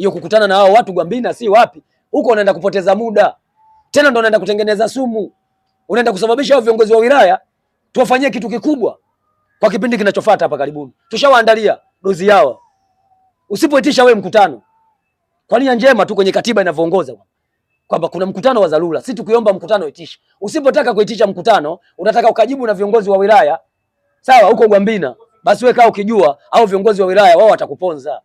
hiyo kukutana na hao watu Gwambina si wapi huko, unaenda kupoteza muda tena, ndo unaenda kutengeneza sumu, unaenda kusababisha hao viongozi wa wilaya tuwafanyie kitu kikubwa kwa kipindi kinachofuata hapa karibuni. Tushawaandalia dozi yao. Usipoitisha wewe mkutano kwa nia njema tu kwenye katiba inavyoongoza kwamba kuna mkutano wa dharura, si tukiomba mkutano itisha. Usipotaka kuitisha mkutano, unataka ukajibu na viongozi wa wilaya, sawa, huko Gwambina, basi wewe kaa ukijua au viongozi wa wilaya wao watakuponza.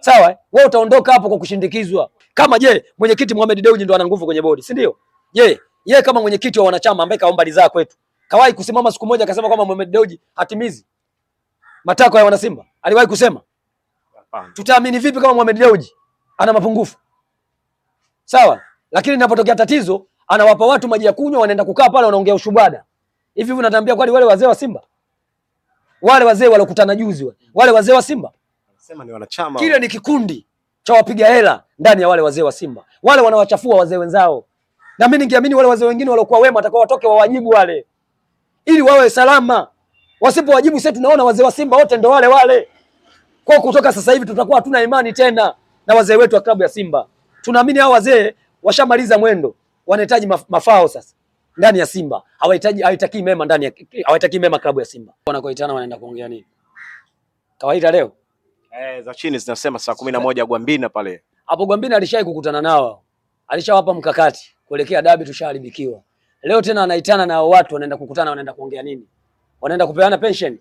Sawa, eh? wewe utaondoka hapo kwa kushindikizwa. Kama je, mwenyekiti Mohamed Dewji ndo ana nguvu kwenye bodi, si ndio? Je, yeye kama mwenyekiti wa wanachama ambaye kaomba ridhaa kwetu, kawahi kusimama siku moja akasema kwamba Mohamed Dewji hatimizi matakwa ya wanasimba? Aliwahi kusema? Tutaamini vipi kama Mohamed Dewji ana mapungufu? Sawa, lakini inapotokea tatizo anawapa watu maji ya kunywa, wanaenda kukaa pale, wanaongea ushubada hivi hivi. Natambia kwani wale wazee wa Simba, wale wazee walokutana juzi, wale wazee wa Simba Sema ni wanachama. Kile ni kikundi cha wapiga hela ndani ya wale wazee wa Simba, wale wanawachafua wazee wenzao, na mimi ningeamini wale wazee wengine waliokuwa wema watakao watoke wawajibu wale, ili wawe salama. Wasipowajibu sasa, tunaona wazee wa Simba wote ndo wale wale. Kwa kutoka sasa hivi tutakuwa hatuna imani tena na wazee wetu wa klabu ya Simba. Tunaamini hao wazee washamaliza mwendo, wanahitaji mafao sasa ndani ya Simba hawahitaji, hawahitaki mema ndani ya hawahitaki mema klabu ya Simba. Wanakoitana wanaenda kuongea nini? Kawaida leo eh, za chini zinasema saa kumi na moja Gwambina pale. Hapo Gwambina alishai kukutana nao, alishawapa mkakati kuelekea dabi, tushaharibikiwa. Leo tena anaitana na watu wanaenda kukutana, wanaenda kuongea nini? Wanaenda kupeana pension.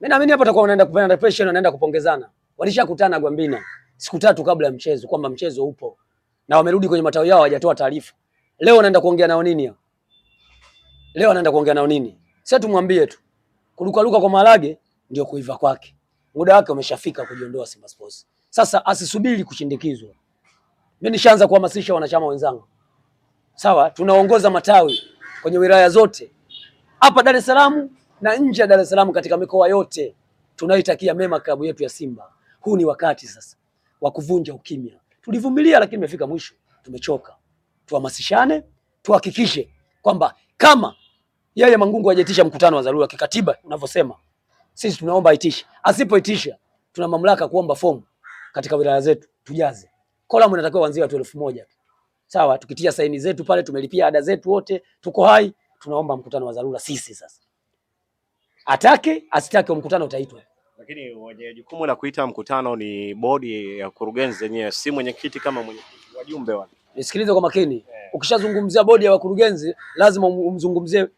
Mimi naamini hapo atakuwa wanaenda kupeana pension, wanaenda kupongezana. Walishakutana Gwambina siku tatu kabla ya mchezo kwamba mchezo upo na wamerudi kwenye matawi yao, hawajatoa taarifa. Leo wanaenda kuongea nao nini? Leo wanaenda kuongea nao nini? Sasa tumwambie tu, Kuruka kurukaruka kwa marage ndio kuiva kwake muda wake umeshafika kujiondoa Simba Sports. Sasa asisubiri kushindikizwa. Mimi nishaanza kuhamasisha wanachama wenzangu, sawa, tunaongoza matawi kwenye wilaya zote hapa Dar es Salaam na nje ya Dar es Salaam, katika mikoa yote tunaitakia mema klabu yetu ya Simba. Huu ni wakati sasa wa kuvunja ukimya. Tulivumilia, lakini imefika mwisho, tumechoka. Tuhamasishane, tuhakikishe kwamba kama yeye Mangungu hajaitisha mkutano wa dharura kikatiba unavyosema sisi tunaomba itishe, asipoitisha tuna mamlaka kuomba fomu katika wilaya zetu tujaze. Kolamu inatakiwa kuanzia watu elfu moja tu, sawa. Tukitia saini zetu pale, tumelipia ada zetu, wote tuko hai, tunaomba mkutano wa dharura sisi sasa. Atake asitake, mkutano utaitwa lakini wenye jukumu la kuita mkutano ni bodi ya kurugenzi yenyewe, si mwenyekiti kama mwenyekiti. Wajumbe wale, nisikilize kwa makini yeah. Ukishazungumzia bodi ya wakurugenzi lazima um-, umzungumzie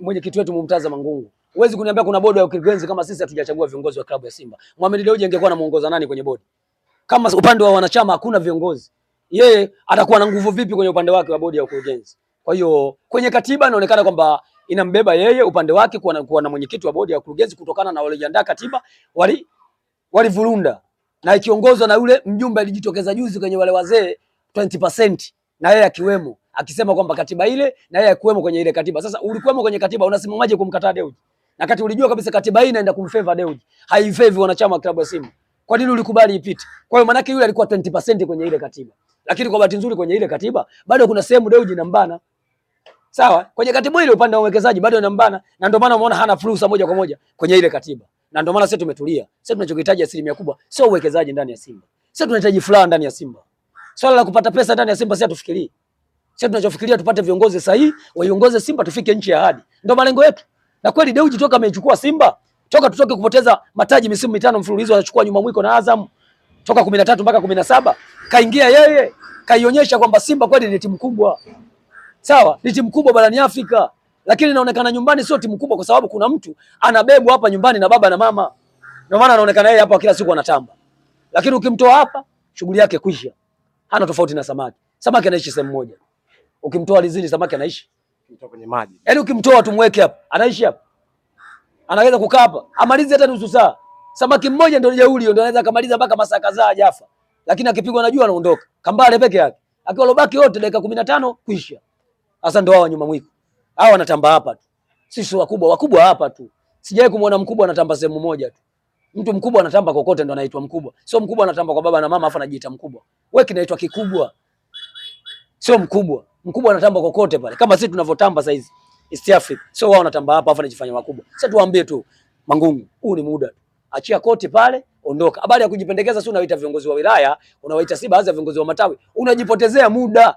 mwenyekiti wetu Mumtaza Mangungu, Huwezi kuniambia kuna bodi ya ukurugenzi kama sisi hatujachagua viongozi wa klabu ya Simba. Mohamed Dewji angekuwa anamuongoza nani kwenye bodi? Kama upande wa wanachama hakuna viongozi, yeye atakuwa na nguvu vipi kwenye upande wake wa bodi ya ukurugenzi? Kwa hiyo kwenye katiba inaonekana kwamba inambeba yeye upande wake kuwa na, kuwa na mwenyekiti wa bodi ya ukurugenzi kutokana na walijiandaa katiba wali walivurunda na ikiongozwa na yule mjumbe alijitokeza juzi kwenye wale wazee 20% na yeye akiwemo akisema kwamba katiba ile na yeye akiwemo kwenye ile katiba. Sasa ulikuwemo kwenye katiba, unasimamaje kumkataa Dewji? na kati ulijua kabisa katiba hii inaenda kumfeva Dewji, haifevi wanachama wa klabu ya Simba. Kwa nini ulikubali ipite? Kwa hiyo manake yule alikuwa 20% kwenye ile katiba, lakini kwa bahati nzuri kwenye ile katiba bado kuna sehemu Dewji inambana Sawa, kwenye katiba ile upande wa uwekezaji bado inambana, na ndio maana umeona hana fursa moja kwa moja kwenye ile katiba, na ndio maana sisi tumetulia. Sisi tunachokihitaji asilimia kubwa sio uwekezaji ndani ya Simba, sisi tunahitaji furaha ndani ya Simba. Swala la kupata pesa ndani ya Simba sisi hatufikirii. Sisi tunachofikiria tupate viongozi sahihi, waiongoze Simba tufike nchi ya ahadi, ndio malengo yetu. Na kweli Dewji toka amechukua Simba, toka tutoke kupoteza mataji misimu mitano mfululizo anachukua nyuma mwiko na Azam toka 13 mpaka 17, kaingia yeye, kaionyesha kwamba Simba kweli ni timu kubwa. Sawa, ni timu kubwa barani Afrika, lakini inaonekana nyumbani sio timu kubwa, kwa sababu kuna mtu anabebwa hapa nyumbani na baba na mama. Ndio maana anaonekana yeye hapa kila siku anatamba, lakini ukimtoa hapa, shughuli yake kuisha, Hana tofauti na samaki. Samaki anaishi sehemu moja, ukimtoa lizini, samaki anaishi ukimtoa kwenye maji. Yaani ukimtoa tumweke hapa, anaishi hapa. Anaweza kukaa hapa, amalize hata nusu saa. Samaki mmoja ndio jeuri, ndio anaweza akamaliza mpaka masaa kadhaa hajafa. Lakini akipigwa na jua anaondoka. Kambale peke yake. Akiwa lobaki wote dakika 15 kuisha. Sasa ndio hao nyuma mwiko. Hao wanatamba hapa tu. Sisi wakubwa, wakubwa hapa tu. Sijawahi kumwona mkubwa anatamba sehemu moja tu. Mtu mkubwa anatamba kokote ndo anaitwa mkubwa. Sio mkubwa anatamba kwa baba na mama afa anajiita mkubwa. Wewe kinaitwa kikubwa. Sio mkubwa mkubwa anatamba kokote pale, kama sisi tunavyotamba sasa hizi East Africa, sio wao wanatamba hapa afa anajifanya makubwa. Sasa tuwaambie tu Mangungu, huu ni muda achia koti pale, ondoka. Habari ya kujipendekeza, si unawaita viongozi wa wilaya, unawaita si baadhi ya viongozi wa matawi, unajipotezea muda.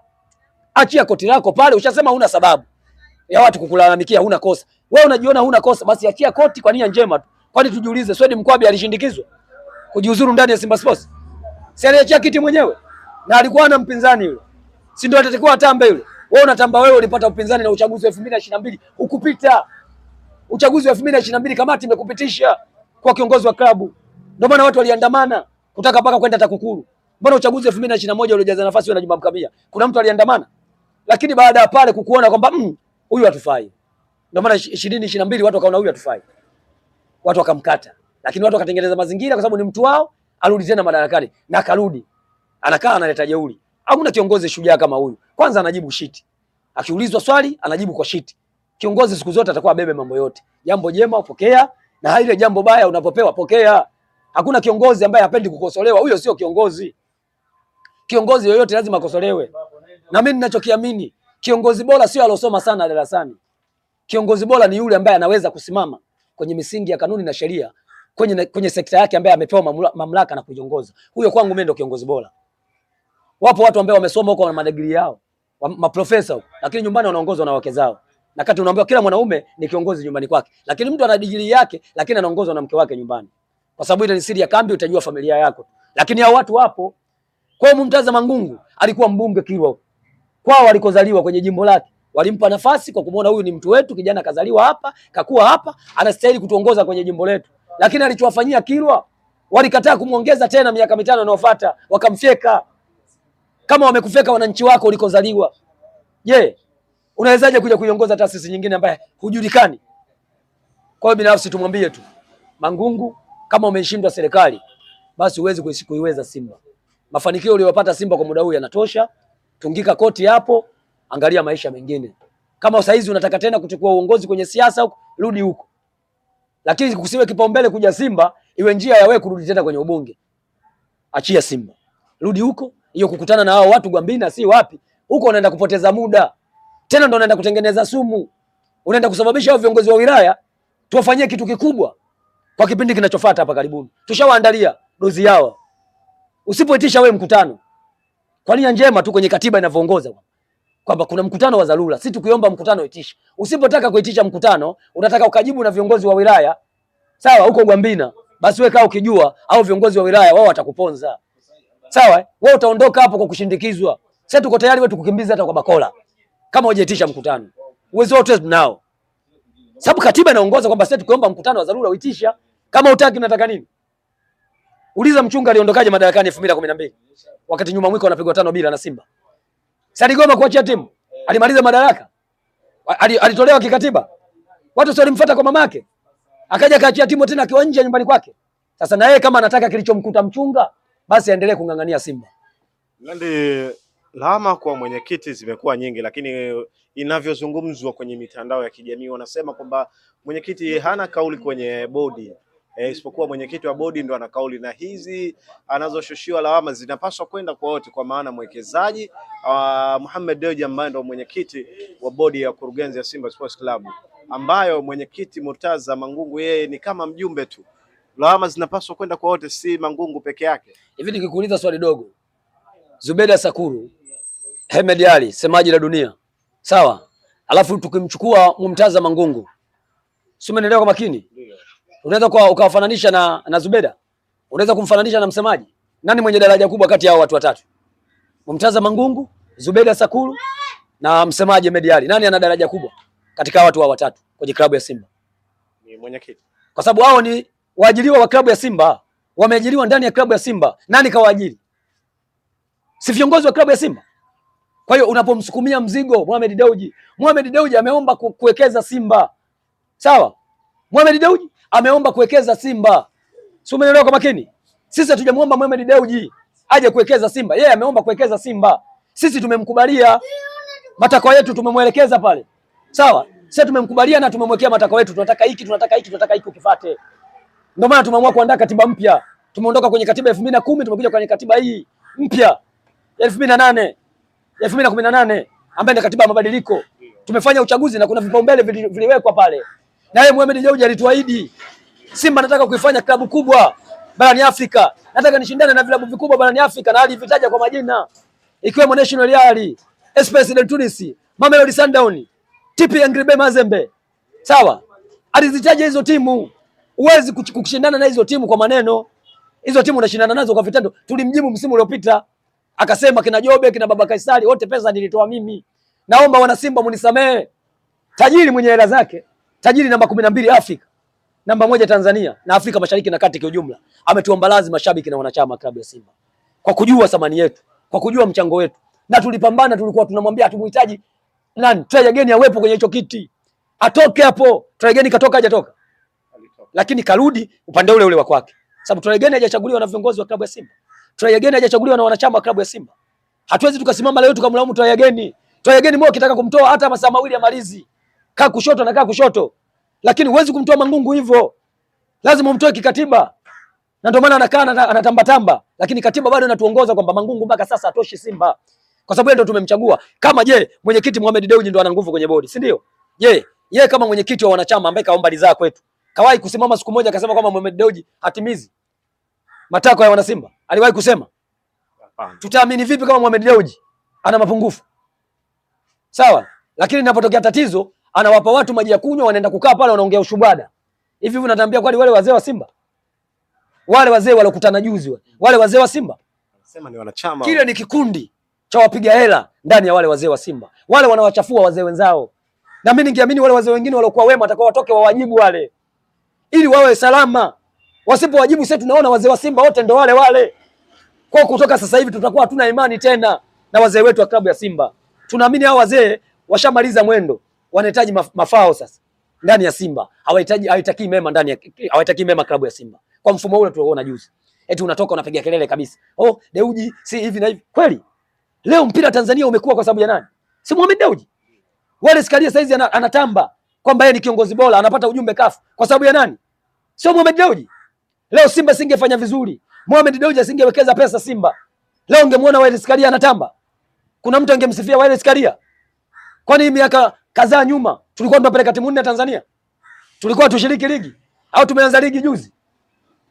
Achia koti lako pale, ushasema huna sababu ya watu kukulalamikia, huna kosa wewe, unajiona huna kosa, basi achia koti kwa nia njema tu, kwani tujiulize, Swedi Mkwabi alishindikizwa kujiuzuru ndani ya Simba Sports? Si aliachia kiti mwenyewe na alikuwa na mpinzani yule si ndio atatakiwa atamba yule. Wewe unatamba wewe, ulipata upinzani na uchaguzi wa 2022 ukupita. Uchaguzi wa 2022 kamati imekupitisha kwa kiongozi wa klabu, ndio maana watu waliandamana kutaka mpaka kwenda TAKUKURU. Mbona uchaguzi wa 2021 uliojaza nafasi na Juma Mkamia kuna mtu aliandamana? Lakini baada ya pale kukuona kwamba mm, huyu hatufai, ndio maana 2022 watu wakaona huyu hatufai, watu wakamkata, lakini watu wakatengeneza mazingira, kwa sababu ni mtu wao. Arudi tena madarakani na karudi, anakaa analeta jeuri. Hakuna kiongozi shujaa kama huyu. Kwanza anajibu shiti, akiulizwa swali anajibu kwa shiti. Kiongozi siku zote atakuwa abebe mambo yote. Jambo jema upokea, na ile jambo baya unapopewa pokea. Hakuna kiongozi ambaye hapendi kukosolewa, huyo sio kiongozi. Kiongozi yoyote lazima akosolewe, na mimi ninachokiamini kiongozi bora sio alosoma sana darasani. Kiongozi bora ni yule ambaye anaweza kusimama kwenye misingi ya kanuni na sheria kwenye, kwenye sekta yake ambaye amepewa mamlaka na kuiongoza. Huyo kwangu mimi ndio kiongozi bora. Wapo watu ambao wamesoma huko, wana madegree yao, maprofesa huko, lakini nyumbani wanaongozwa na wake zao. Na kati unaambiwa kila mwanaume ni kiongozi nyumbani kwake, lakini mtu ana degree yake, lakini anaongozwa na mke wake nyumbani, kwa sababu ile ni siri ya kambi, utajua familia yako. Lakini hao watu wapo. Kwa hiyo Mumtaza Mangungu alikuwa mbunge Kilwa, kwao alikozaliwa kwenye jimbo lake walimpa nafasi kwa kumuona huyu ni mtu wetu, kijana kazaliwa hapa, kakua hapa, anastahili kutuongoza kwenye jimbo letu. Lakini alichowafanyia Kilwa, walikataa kumwongeza tena miaka mitano inayofuata, wakamfyeka kama wamekufeka wananchi wako ulikozaliwa. Je, unawezaje kuja kuiongoza taasisi nyingine ambaye hujulikani? Kwa hiyo binafsi tumwambie tu Mangungu, kama umeshindwa serikali basi huwezi kuiweza Simba. Mafanikio uliyopata Simba kwa muda huu yanatosha. Tungika koti hapo, angalia maisha mengine. Kama saizi unataka tena kuchukua uongozi kwenye siasa huko, rudi huko, lakini kusiwe kipaumbele kuja Simba iwe njia ya wewe kurudi tena kwenye ubunge. Achia Simba, rudi huko, hiyo kukutana na hao watu Gwambina si wapi huko, unaenda kupoteza muda tena, ndo unaenda kutengeneza sumu, unaenda kusababisha hao viongozi wa wilaya tuwafanyie kitu kikubwa kwa kipindi kinachofuata hapa karibuni. Tushawaandalia dozi yao. Usipoitisha wewe mkutano kwa nia njema tu, kwenye katiba inavyoongoza kwamba kuna mkutano wa dharura, si tukiomba mkutano itisha. Usipotaka kuitisha mkutano, unataka ukajibu na viongozi wa wilaya, sawa, huko Gwambina, basi wewe kaa ukijua au viongozi wa wilaya wao watakuponza. Sawa, eh? wewe utaondoka hapo kwa kushindikizwa. Sasa tuko tayari wewe tukukimbiza hata kwa bakola. Kama hujaitisha mkutano. Uwezo wote tunao. Sababu katiba inaongoza kwamba sasa tukiomba mkutano wa dharura uitisha. Kama utaki, unataka nini? Uliza mchunga aliondokaje madarakani 2012 wakati nyuma mwiko anapigwa tano bila na Simba. Sasa aligoma kuachia timu. Alimaliza madaraka. Alitolewa kikatiba. Watu sio walimfuata kwa mamake. Akaja akaachia timu tena akiwa nje nyumbani kwake. Sasa na yeye kama anataka kilichomkuta mchunga basi aendelee kung'ang'ania Simba. Nandi, lawama kwa mwenyekiti zimekuwa nyingi, lakini inavyozungumzwa kwenye mitandao ya kijamii wanasema kwamba mwenyekiti hana kauli kwenye bodi e, isipokuwa mwenyekiti wa bodi ndo ana kauli, na hizi anazoshushiwa lawama zinapaswa kwenda kwa wote, kwa maana mwekezaji uh, Mohamed Dewji ambaye ndo mwenyekiti wa bodi ya kurugenzi ya Simba Sports Club ambayo mwenyekiti Murtaza Mangungu yeye ni kama mjumbe tu lawama zinapaswa kwenda kwa wote, si Mangungu peke yake. Hivi nikikuuliza swali dogo, Zubeda Sakuru, Hemed Ali, semaji la dunia, sawa, alafu tukimchukua Mumtaza Mangungu, si umeelewa? Kwa makini, unaweza kwa ukawafananisha na, na Zubeda, unaweza kumfananisha na msemaji. Nani mwenye daraja kubwa kati ya hao watu watatu? Mumtaza Mangungu, Zubeda Sakuru na msemaji Hemed Ali, nani ana daraja kubwa katika watu hao watatu kwenye klabu ya Simba? Ni mwenyekiti, kwa sababu hao ni waajiriwa wa klabu ya Simba wameajiriwa ndani ya klabu ya Simba. Nani kawaajiri? Si viongozi wa klabu ya Simba? Kwa hiyo unapomsukumia mzigo Mohamed Deuji, Mohamed Deuji ameomba kuwekeza Simba, sawa? Mohamed Deuji ameomba kuwekeza Simba, si umeelewa? Kwa makini, sisi hatujamuomba Mohamed Deuji aje kuwekeza Simba, yeye ameomba kuwekeza Simba. Sisi tumemkubalia matakwa yetu, tumemwelekeza pale, sawa? Sisi tumemkubalia na tumemwekea matakwa yetu, tunataka hiki, tunataka hiki, tunataka hiki, ukifuate ndio maana tumeamua kuandaa katiba mpya. Tumeondoka kwenye katiba elfu mbili na kumi tumekuja kwenye katiba hii mpya elfu mbili na nane elfu mbili na kumi na nane ambayo ni katiba ya mabadiliko. Tumefanya uchaguzi na kuna vipaumbele viliwekwa pale, na yeye Mohamed Dewji alituahidi, Simba nataka kuifanya klabu kubwa barani Afrika, nataka nishindane na vilabu vikubwa barani Afrika, na alivitaja kwa majina ikiwemo National Real, Esperance de Tunis, Mamelodi Sundowns, TP Mazembe. Sawa, alizitaja hizo timu Huwezi kushindana na hizo timu kwa maneno. Hizo timu unashindana nazo kwa vitendo. Tulimjibu msimu uliopita akasema kina Jobe, kina Baba Kaisari wote pesa nilitoa mimi. Naomba wana Simba munisamee. Tajiri mwenye hela zake, tajiri namba 12 Afrika, namba moja Tanzania na Afrika Mashariki na Kati kwa ujumla, ametuomba lazima mashabiki na wanachama klabu ya Simba kwa kujua thamani yetu, kwa kujua mchango wetu, na tulipambana. Tulikuwa tunamwambia hatumuhitaji nani, Trejageni awepo kwenye hicho kiti, atoke hapo. Trejageni katoka, hajatoka lakini karudi upande ule ule wa kwake, sababu Troy Deeney hajachaguliwa na viongozi wa klabu ya Simba. Troy Deeney hajachaguliwa na wanachama wa klabu ya Simba. Hatuwezi tukasimama leo tukamlaumu Troy Deeney. Troy Deeney mmoja kitaka kumtoa hata masaa mawili ya malizi, kaa kushoto na kaa kushoto, lakini huwezi kumtoa Mangungu hivyo, lazima umtoe kikatiba, na ndio maana anakaa anatamba tamba. lakini katiba bado inatuongoza kwamba Mangungu mpaka sasa atoshi Simba kwa sababu ndio tumemchagua. Kama je, mwenyekiti Mohamed Dewji ndio ana nguvu kwenye bodi, si ndio? Je, ye kama mwenyekiti wa wanachama ambaye kaomba ridhaa kwetu Kawahi kusimama siku moja akasema kwamba Mohamed Dewji hatimizi matakwa ya wanasimba? Aliwahi kusema? Tutaamini vipi kama Mohamed Dewji ana mapungufu? Sawa, lakini inapotokea tatizo anawapa watu maji ya kunywa, wanaenda kukaa pale, wanaongea ushubada hivi hivi. Natambia kwani wale wazee wa Simba wale wazee walokutana juzi wale, wale wazee wa Simba sema ni wanachama, kile ni kikundi cha wapiga hela ndani ya wale wazee wa Simba, wale wanawachafua wazee wenzao, na mimi ningeamini wale wazee wengine waliokuwa wema watakao watoke wawajibu wale ili wawe salama. Wasipowajibu sisi tunaona wazee wa Simba wote ndo wale wale. Kwa kutoka sasa hivi tutakuwa hatuna imani tena na wazee wetu wa klabu ya Simba. Tunaamini hao wazee washamaliza mwendo, wanahitaji mafao sasa ndani ya Simba. Hawahitaji hawataki mema ndani ya hawataki mema klabu ya Simba. Kwa mfumo ule tuliona juzi. Eti unatoka unapiga kelele kabisa. Oh, Deuji si hivi na hivi. Kweli? Leo mpira Tanzania umekuwa kwa sababu ya nani? Si Mohamed Deuji. Wale sikalia saizi anatamba. ana kwamba yeye ni kiongozi bora, anapata ujumbe kafu kwa sababu ya nani? Sio Mohamed Dewji. Leo Simba singefanya vizuri, Mohamed Dewji asingewekeza pesa Simba, leo ungemwona Wallace Karia anatamba. Kuna mtu angemsifia Wallace Karia? Kwani miaka kadhaa nyuma tulikuwa tunapeleka timu nne Tanzania? Tulikuwa tushiriki ligi au tumeanza ligi juzi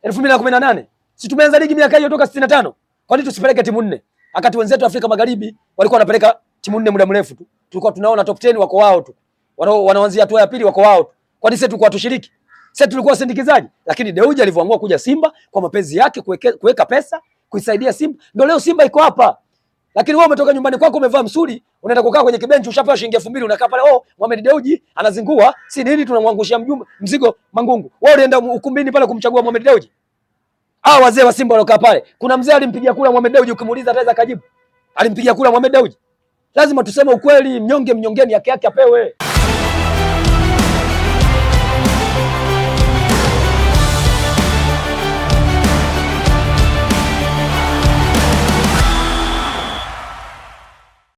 2018? Si tumeanza ligi miaka hiyo toka 65. Kwani tusipeleke timu nne? Akati wenzetu Afrika Magharibi walikuwa wanapeleka timu nne muda mrefu tu. Tulikuwa tunaona top 10 wako wao tu wanaanzia hatua ya pili wako wao Kwa nini sisi tulikuwa tushiriki? Sisi tulikuwa sindikizaji. lakini Dewji alivyoamua kuja Simba kwa mapenzi yake, kuweka pesa kuisaidia Simba, ndio leo Simba iko hapa. Lakini wewe umetoka nyumbani kwako umevaa msuri, unaenda kukaa kwenye kibenchi, ushapewa shilingi 2000 unakaa pale, oh, Mohamed Deuji anazingua, si nini, tunamwangushia mjumbe mzigo Mangungu. Wewe ulienda ukumbini pale kumchagua Mohamed Deuji? Ah, wazee wa Simba walokaa pale, kuna mzee alimpigia kula Mohamed Deuji, ukimuuliza ataweza kujibu. alimpigia kula Mohamed Deuji. Lazima tuseme ukweli, mnyonge mnyongeni, yake yake apewe.